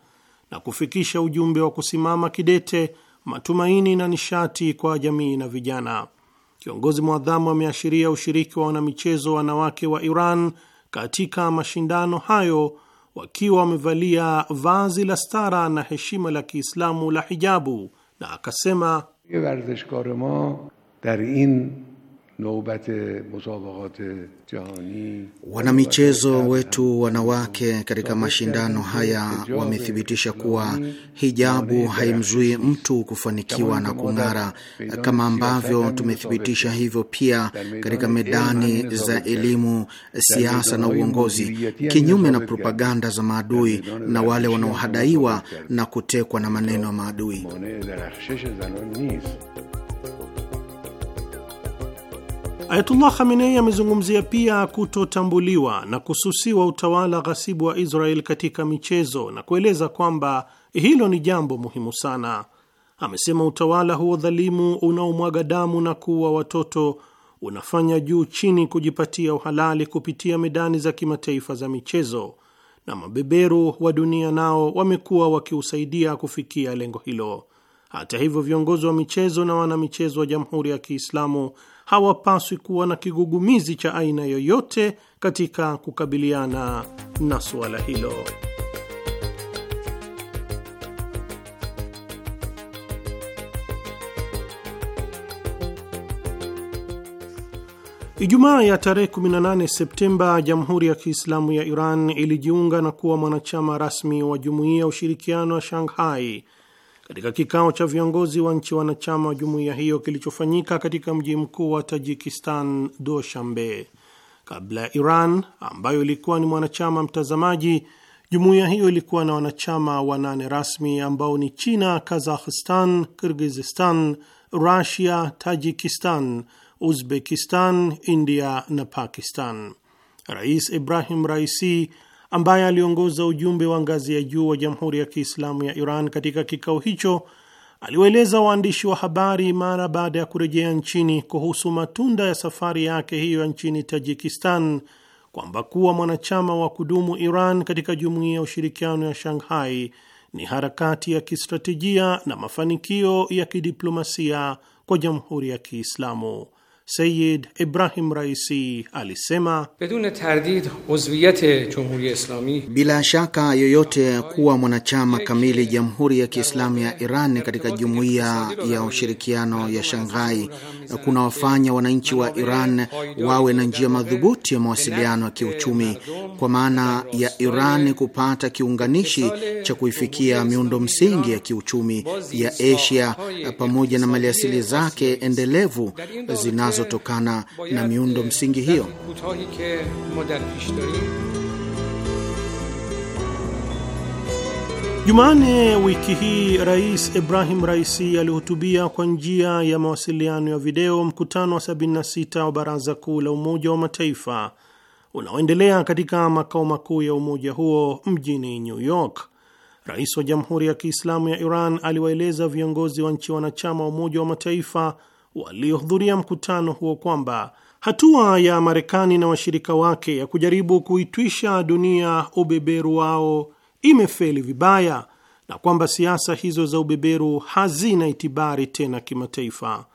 na kufikisha ujumbe wa kusimama kidete, matumaini na nishati kwa jamii na vijana. Kiongozi mwadhamu ameashiria ushiriki wa wanamichezo wanawake wa Iran katika mashindano hayo wakiwa wamevalia vazi la stara na heshima la Kiislamu la hijabu, na akasema: نوبت مسابقات جهانی wanamichezo wetu wanawake katika mashindano haya wamethibitisha kuwa hijabu haimzui mtu kufanikiwa na kung'ara, kama ambavyo tumethibitisha hivyo pia katika medani za elimu, siasa na uongozi, kinyume na propaganda za maadui na wale wanaohadaiwa na kutekwa na maneno ya maadui. Ayatullah Khamenei amezungumzia pia kutotambuliwa na kususiwa utawala ghasibu wa Israel katika michezo na kueleza kwamba hilo ni jambo muhimu sana. Amesema utawala huo dhalimu unaomwaga damu na kuua watoto unafanya juu chini kujipatia uhalali kupitia medani za kimataifa za michezo, na mabeberu wa dunia nao wamekuwa wakiusaidia kufikia lengo hilo. Hata hivyo, viongozi wa michezo na wanamichezo wa Jamhuri ya Kiislamu hawapaswi kuwa na kigugumizi cha aina yoyote katika kukabiliana na suala hilo. Ijumaa ya tarehe 18 Septemba, Jamhuri ya Kiislamu ya Iran ilijiunga na kuwa mwanachama rasmi wa Jumuiya ya Ushirikiano wa Shanghai katika kikao cha viongozi wa nchi wanachama wa jumuiya hiyo kilichofanyika katika mji mkuu wa Tajikistan, doshambe Kabla ya Iran ambayo ilikuwa ni mwanachama mtazamaji, jumuiya hiyo ilikuwa na wanachama wanane rasmi ambao ni China, Kazakhstan, Kirgizistan, Rusia, Tajikistan, Uzbekistan, India na Pakistan. Rais Ibrahim Raisi ambaye aliongoza ujumbe wa ngazi ya juu wa Jamhuri ya Kiislamu ya Iran katika kikao hicho aliwaeleza waandishi wa habari mara baada ya kurejea nchini kuhusu matunda ya safari yake hiyo ya nchini Tajikistan kwamba kuwa mwanachama wa kudumu Iran katika Jumuiya ya Ushirikiano ya Shanghai ni harakati ya kistratejia na mafanikio ya kidiplomasia kwa Jamhuri ya Kiislamu. Sayyid Ibrahim Raisi alisema e bila shaka yoyote kuwa mwanachama kamili Jamhuri ya Kiislamu ya Iran katika Jumuiya ya Ushirikiano ya Shanghai kunawafanya wananchi wa Iran wawe na njia madhubuti ya mawasiliano ya kiuchumi, kwa maana ya Iran kupata kiunganishi cha kuifikia miundo msingi ya kiuchumi ya Asia pamoja na maliasili zake endelevu zinazo zinazotokana na miundo msingi hiyo. Jumane wiki hii Rais Ibrahim Raisi alihutubia kwa njia ya mawasiliano ya video mkutano wa 76 wa Baraza Kuu la Umoja wa Mataifa unaoendelea katika makao makuu ya umoja huo mjini New York. Rais wa Jamhuri ya Kiislamu ya Iran aliwaeleza viongozi wa nchi wanachama wa Umoja wa Mataifa waliohudhuria mkutano huo kwamba hatua ya Marekani na washirika wake ya kujaribu kuitwisha dunia ubeberu wao imefeli vibaya na kwamba siasa hizo za ubeberu hazina itibari tena kimataifa.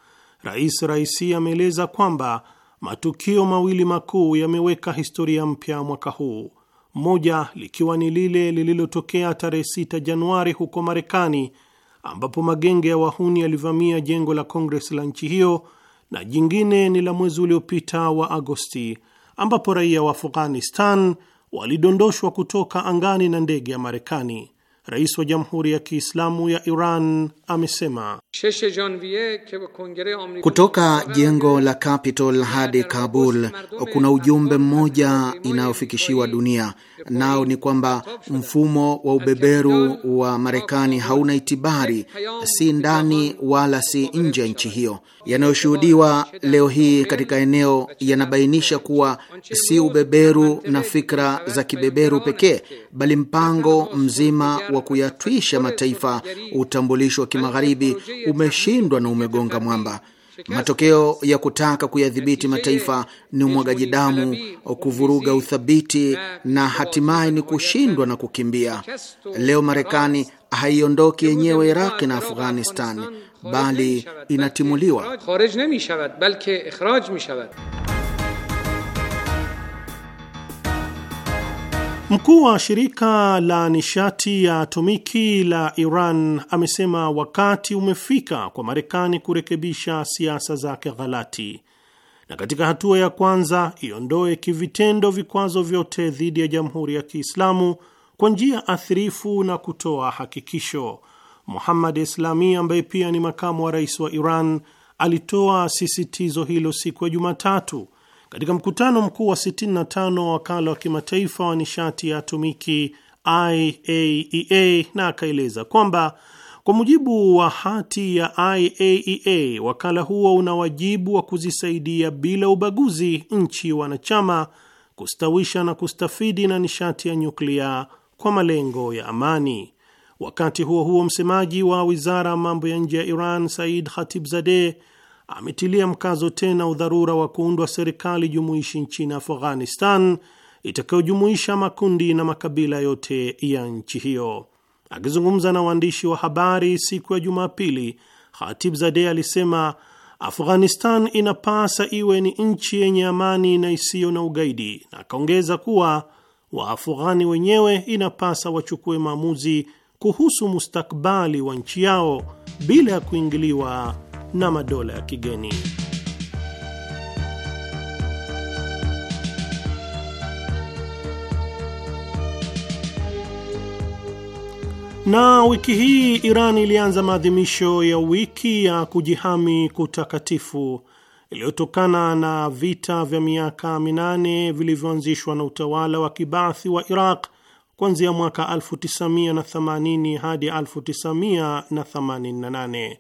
Rais Raisi ameeleza kwamba matukio mawili makuu yameweka historia mpya mwaka huu, moja likiwa ni lile lililotokea tarehe 6 Januari huko Marekani ambapo magenge ya wahuni yalivamia jengo la Kongres la nchi hiyo, na jingine ni la mwezi uliopita wa Agosti ambapo raia wa Afghanistan walidondoshwa kutoka angani na ndege ya Marekani. Rais wa Jamhuri ya Kiislamu ya Iran amesema kutoka jengo la Capitol hadi Kabul kuna ujumbe mmoja inayofikishiwa dunia, nao ni kwamba mfumo wa ubeberu wa Marekani hauna itibari, si ndani wala si nje ya nchi hiyo. Yanayoshuhudiwa leo hii katika eneo yanabainisha kuwa si ubeberu na fikra za kibeberu pekee, bali mpango mzima wa kuyatwisha mataifa utambulisho wa kimagharibi umeshindwa na umegonga mwamba. Matokeo ya kutaka kuyadhibiti mataifa ni umwagaji damu, kuvuruga uthabiti na hatimaye ni kushindwa na kukimbia. Leo Marekani haiondoki yenyewe Iraqi na Afghanistan, bali inatimuliwa. Mkuu wa shirika la nishati ya atomiki la Iran amesema wakati umefika kwa Marekani kurekebisha siasa zake ghalati na katika hatua ya kwanza iondoe kivitendo vikwazo vyote dhidi ya Jamhuri ya Kiislamu kwa njia athirifu na kutoa hakikisho. Muhammad Islami ambaye pia ni makamu wa rais wa Iran alitoa sisitizo hilo siku ya Jumatatu katika mkutano mkuu wa 65 wa wakala wa kimataifa wa nishati ya atomiki IAEA, e na akaeleza kwamba kwa mujibu wa hati ya IAEA, e wakala huo una wajibu wa kuzisaidia bila ubaguzi nchi wanachama kustawisha na kustafidi na nishati ya nyuklia kwa malengo ya amani. Wakati huo huo, msemaji wa wizara ya mambo ya nje ya Iran Said Khatibzadeh ametilia mkazo tena udharura wa kuundwa serikali jumuishi nchini Afghanistan itakayojumuisha makundi na makabila yote ya nchi hiyo. Akizungumza na waandishi wa habari siku ya Jumapili, Khatib Zade alisema Afghanistan inapasa iwe ni nchi yenye amani na isiyo na ugaidi, na akaongeza kuwa Waafghani wenyewe inapasa wachukue maamuzi kuhusu mustakbali wa nchi yao bila ya kuingiliwa na madola ya kigeni. Na wiki hii Iran ilianza maadhimisho ya wiki ya kujihami kutakatifu iliyotokana na vita vya miaka minane vilivyoanzishwa na utawala wa kibathi wa Iraq kuanzia mwaka 1980 hadi 1988.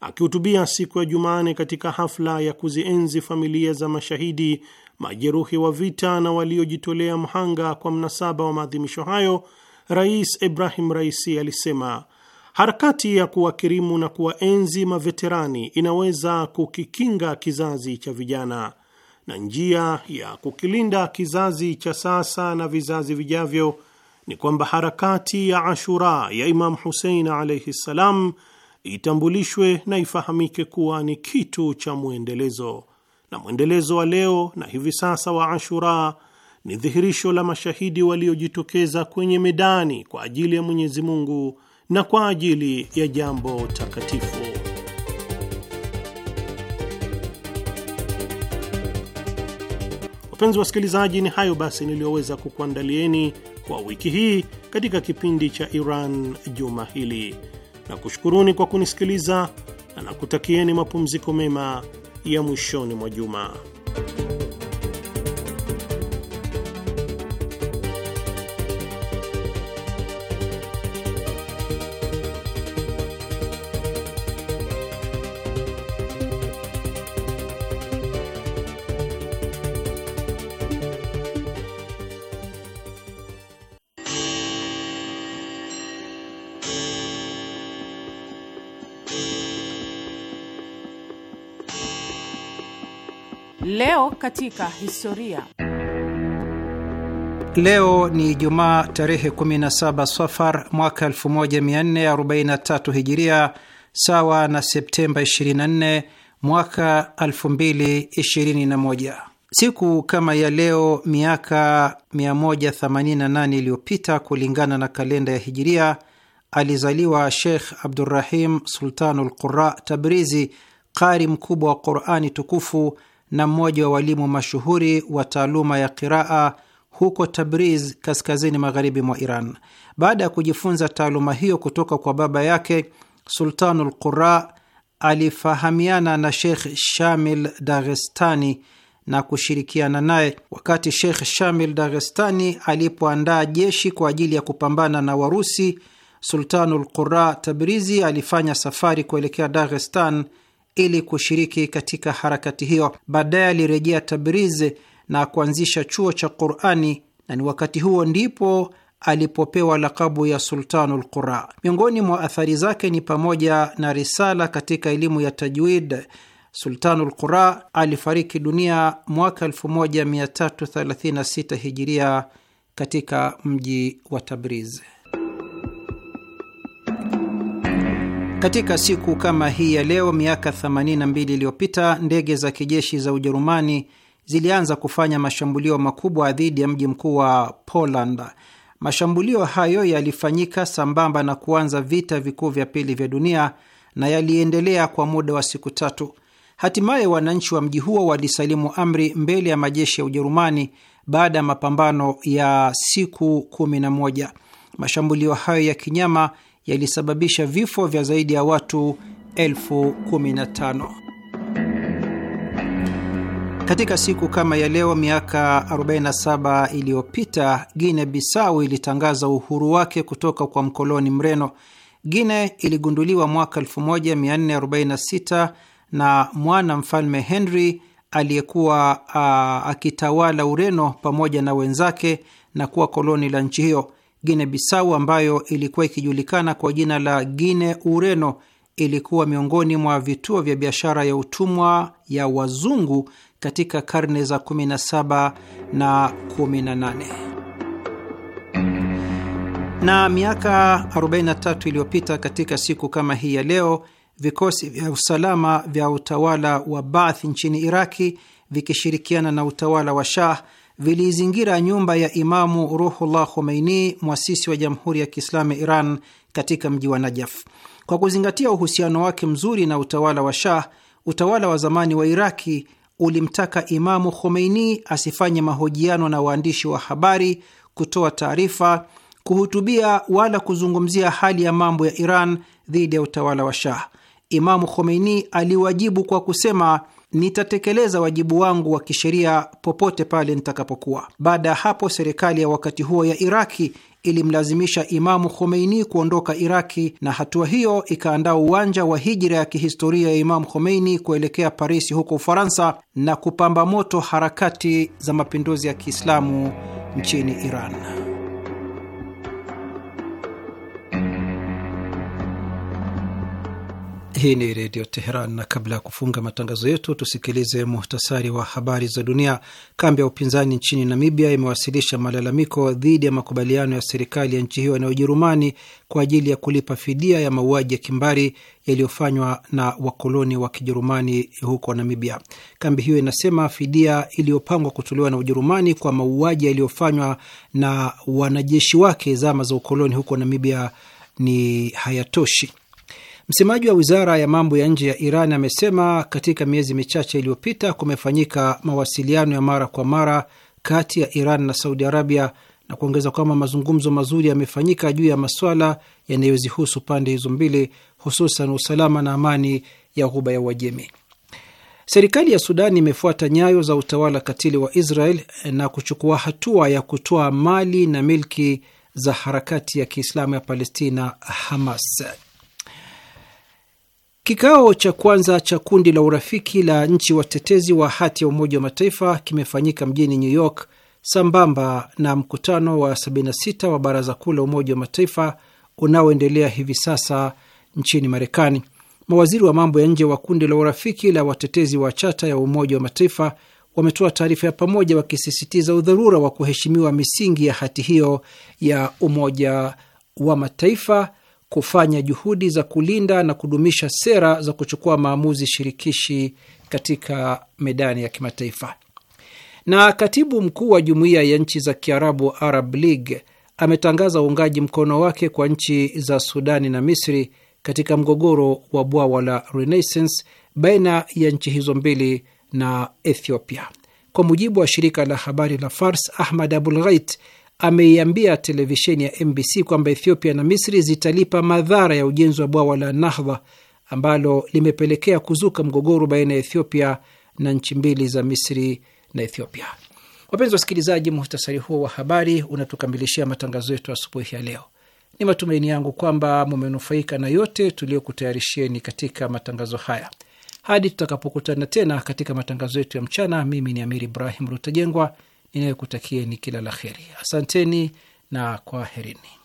Akihutubia siku ya Jumane katika hafla ya kuzienzi familia za mashahidi, majeruhi wa vita na waliojitolea mhanga kwa mnasaba wa maadhimisho hayo, Rais Ibrahim Raisi alisema harakati ya kuwakirimu na kuwaenzi maveterani inaweza kukikinga kizazi cha vijana, na njia ya kukilinda kizazi cha sasa na vizazi vijavyo ni kwamba harakati ya Ashura ya Imam Husein alaihi ssalam itambulishwe na ifahamike kuwa ni kitu cha mwendelezo, na mwendelezo wa leo na hivi sasa wa Ashura ni dhihirisho la mashahidi waliojitokeza kwenye medani kwa ajili ya Mwenyezi Mungu na kwa ajili ya jambo takatifu. Wapenzi wasikilizaji, ni hayo basi niliyoweza kukuandalieni kwa wiki hii katika kipindi cha Iran juma hili na kushukuruni kwa kunisikiliza na nakutakieni mapumziko mema ya mwishoni mwa juma. Leo katika historia. Leo ni jumaa tarehe 17 Safar mwaka 1443 Hijiria, sawa na Septemba 24 mwaka 2021. Siku kama ya leo miaka 188 iliyopita kulingana na kalenda ya Hijiria alizaliwa Sheikh Abdurrahim Sultanul Qura Tabrizi, qari mkubwa wa Qurani tukufu na mmoja wa walimu mashuhuri wa taaluma ya qiraa huko Tabriz, kaskazini magharibi mwa Iran. Baada ya kujifunza taaluma hiyo kutoka kwa baba yake Sultanul Qura, alifahamiana na Sheikh Shamil Daghestani na kushirikiana naye wakati Sheikh Shamil Daghestani alipoandaa jeshi kwa ajili ya kupambana na Warusi. Sultanul Qura Tabrizi alifanya safari kuelekea Daghestan ili kushiriki katika harakati hiyo. Baadaye alirejea Tabriz na kuanzisha chuo cha Qurani na ni wakati huo ndipo alipopewa lakabu ya Sultanu Qura. Miongoni mwa athari zake ni pamoja na risala katika elimu ya tajwid. Sultanul Qura alifariki dunia mwaka 1336 hijiria katika mji wa Tabriz. Katika siku kama hii ya leo miaka 82 iliyopita ndege za kijeshi za Ujerumani zilianza kufanya mashambulio makubwa dhidi ya mji mkuu wa Poland. Mashambulio hayo yalifanyika sambamba na kuanza vita vikuu vya pili vya dunia na yaliendelea kwa muda wa siku tatu. Hatimaye wananchi wa mji huo walisalimu amri mbele ya majeshi ya Ujerumani baada ya mapambano ya siku kumi na moja. Mashambulio hayo ya kinyama yalisababisha vifo vya zaidi ya watu elfu kumi na tano. Katika siku kama ya leo miaka 47 iliyopita guine Bissau ilitangaza uhuru wake kutoka kwa mkoloni Mreno. guine iligunduliwa mwaka 1446 na mwana mfalme Henry aliyekuwa akitawala Ureno pamoja na wenzake na kuwa koloni la nchi hiyo. Gine Bisau ambayo ilikuwa ikijulikana kwa jina la Gine Ureno ilikuwa miongoni mwa vituo vya biashara ya utumwa ya wazungu katika karne za 17 na 18. Na miaka 43 iliyopita katika siku kama hii ya leo, vikosi vya usalama vya utawala wa Baath nchini Iraki vikishirikiana na utawala wa Shah viliizingira nyumba ya Imamu Ruhullah Khomeini, mwasisi wa Jamhuri ya Kiislamu ya Iran katika mji wa Najaf. Kwa kuzingatia uhusiano wake mzuri na utawala wa Shah, utawala wa zamani wa Iraki ulimtaka Imamu Khomeini asifanye mahojiano na waandishi wa habari, kutoa taarifa, kuhutubia wala kuzungumzia hali ya mambo ya Iran dhidi ya utawala wa Shah. Imamu Khomeini aliwajibu kwa kusema nitatekeleza wajibu wangu wa kisheria popote pale nitakapokuwa. Baada ya hapo, serikali ya wakati huo ya Iraki ilimlazimisha Imamu Khomeini kuondoka Iraki, na hatua hiyo ikaandaa uwanja wa hijira ya kihistoria ya Imamu Khomeini kuelekea Parisi huko Ufaransa na kupamba moto harakati za mapinduzi ya Kiislamu nchini Iran. Hii ni Redio Teheran, na kabla ya kufunga matangazo yetu tusikilize muhtasari wa habari za dunia. Kambi ya upinzani nchini Namibia imewasilisha malalamiko dhidi ya makubaliano ya serikali ya nchi hiyo na Ujerumani kwa ajili ya kulipa fidia ya mauaji ya kimbari yaliyofanywa na wakoloni wa Kijerumani huko Namibia. Kambi hiyo inasema fidia iliyopangwa kutolewa na Ujerumani kwa mauaji yaliyofanywa na wanajeshi wake zama za ukoloni huko Namibia ni hayatoshi. Msemaji wa wizara ya mambo ya nje ya Iran amesema katika miezi michache iliyopita kumefanyika mawasiliano ya mara kwa mara kati ya Iran na Saudi Arabia na kuongeza kwamba mazungumzo mazuri yamefanyika juu ya maswala yanayozihusu pande hizo mbili, hususan usalama na amani ya Ghuba ya Uajemi. Serikali ya Sudan imefuata nyayo za utawala katili wa Israel na kuchukua hatua ya kutoa mali na milki za harakati ya Kiislamu ya Palestina, Hamas. Kikao cha kwanza cha kundi la urafiki la nchi watetezi wa hati ya Umoja wa Mataifa kimefanyika mjini New York sambamba na mkutano wa 76 wa Baraza Kuu la Umoja wa Mataifa unaoendelea hivi sasa nchini Marekani. Mawaziri wa mambo ya nje wa kundi la urafiki la watetezi wa chata ya Umoja wa Mataifa wametoa taarifa ya pamoja wakisisitiza udharura wa kuheshimiwa misingi ya hati hiyo ya Umoja wa Mataifa kufanya juhudi za kulinda na kudumisha sera za kuchukua maamuzi shirikishi katika medani ya kimataifa. Na katibu mkuu wa jumuiya ya nchi za Kiarabu, Arab League, ametangaza uungaji mkono wake kwa nchi za Sudani na Misri katika mgogoro wa bwawa la Renaissance baina ya nchi hizo mbili na Ethiopia. Kwa mujibu wa shirika la habari la Fars, Ahmad Abulghait ameiambia televisheni ya MBC kwamba Ethiopia na Misri zitalipa madhara ya ujenzi wa bwawa la Nahdha ambalo limepelekea kuzuka mgogoro baina ya Ethiopia na nchi mbili za Misri na Ethiopia. Wapenzi wasikilizaji, muhtasari huo wa habari unatukamilishia matangazo yetu asubuhi ya leo. Ni matumaini yangu kwamba mumenufaika na yote tuliyokutayarishieni katika matangazo haya. Hadi tutakapokutana tena katika matangazo yetu ya mchana, mimi ni amir Ibrahim Rutajengwa inayokutakieni kila la kheri. Asanteni na kwaherini.